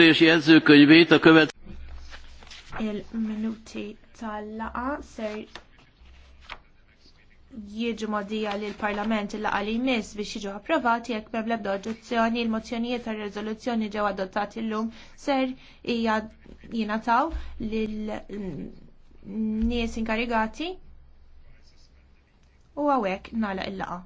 ülés jegyzőkönyvét a követ... Il-minuti tal-laqa ser jieġu modija li l-Parlament il-laqa li jmiss biex jiġu approvati jekk mem lebda oġġezzjoni il-mozzjonijiet ta' rezoluzzjoni ġew adottati l-lum ser jinataw l nies inkarigati u għawek nala il-laqa.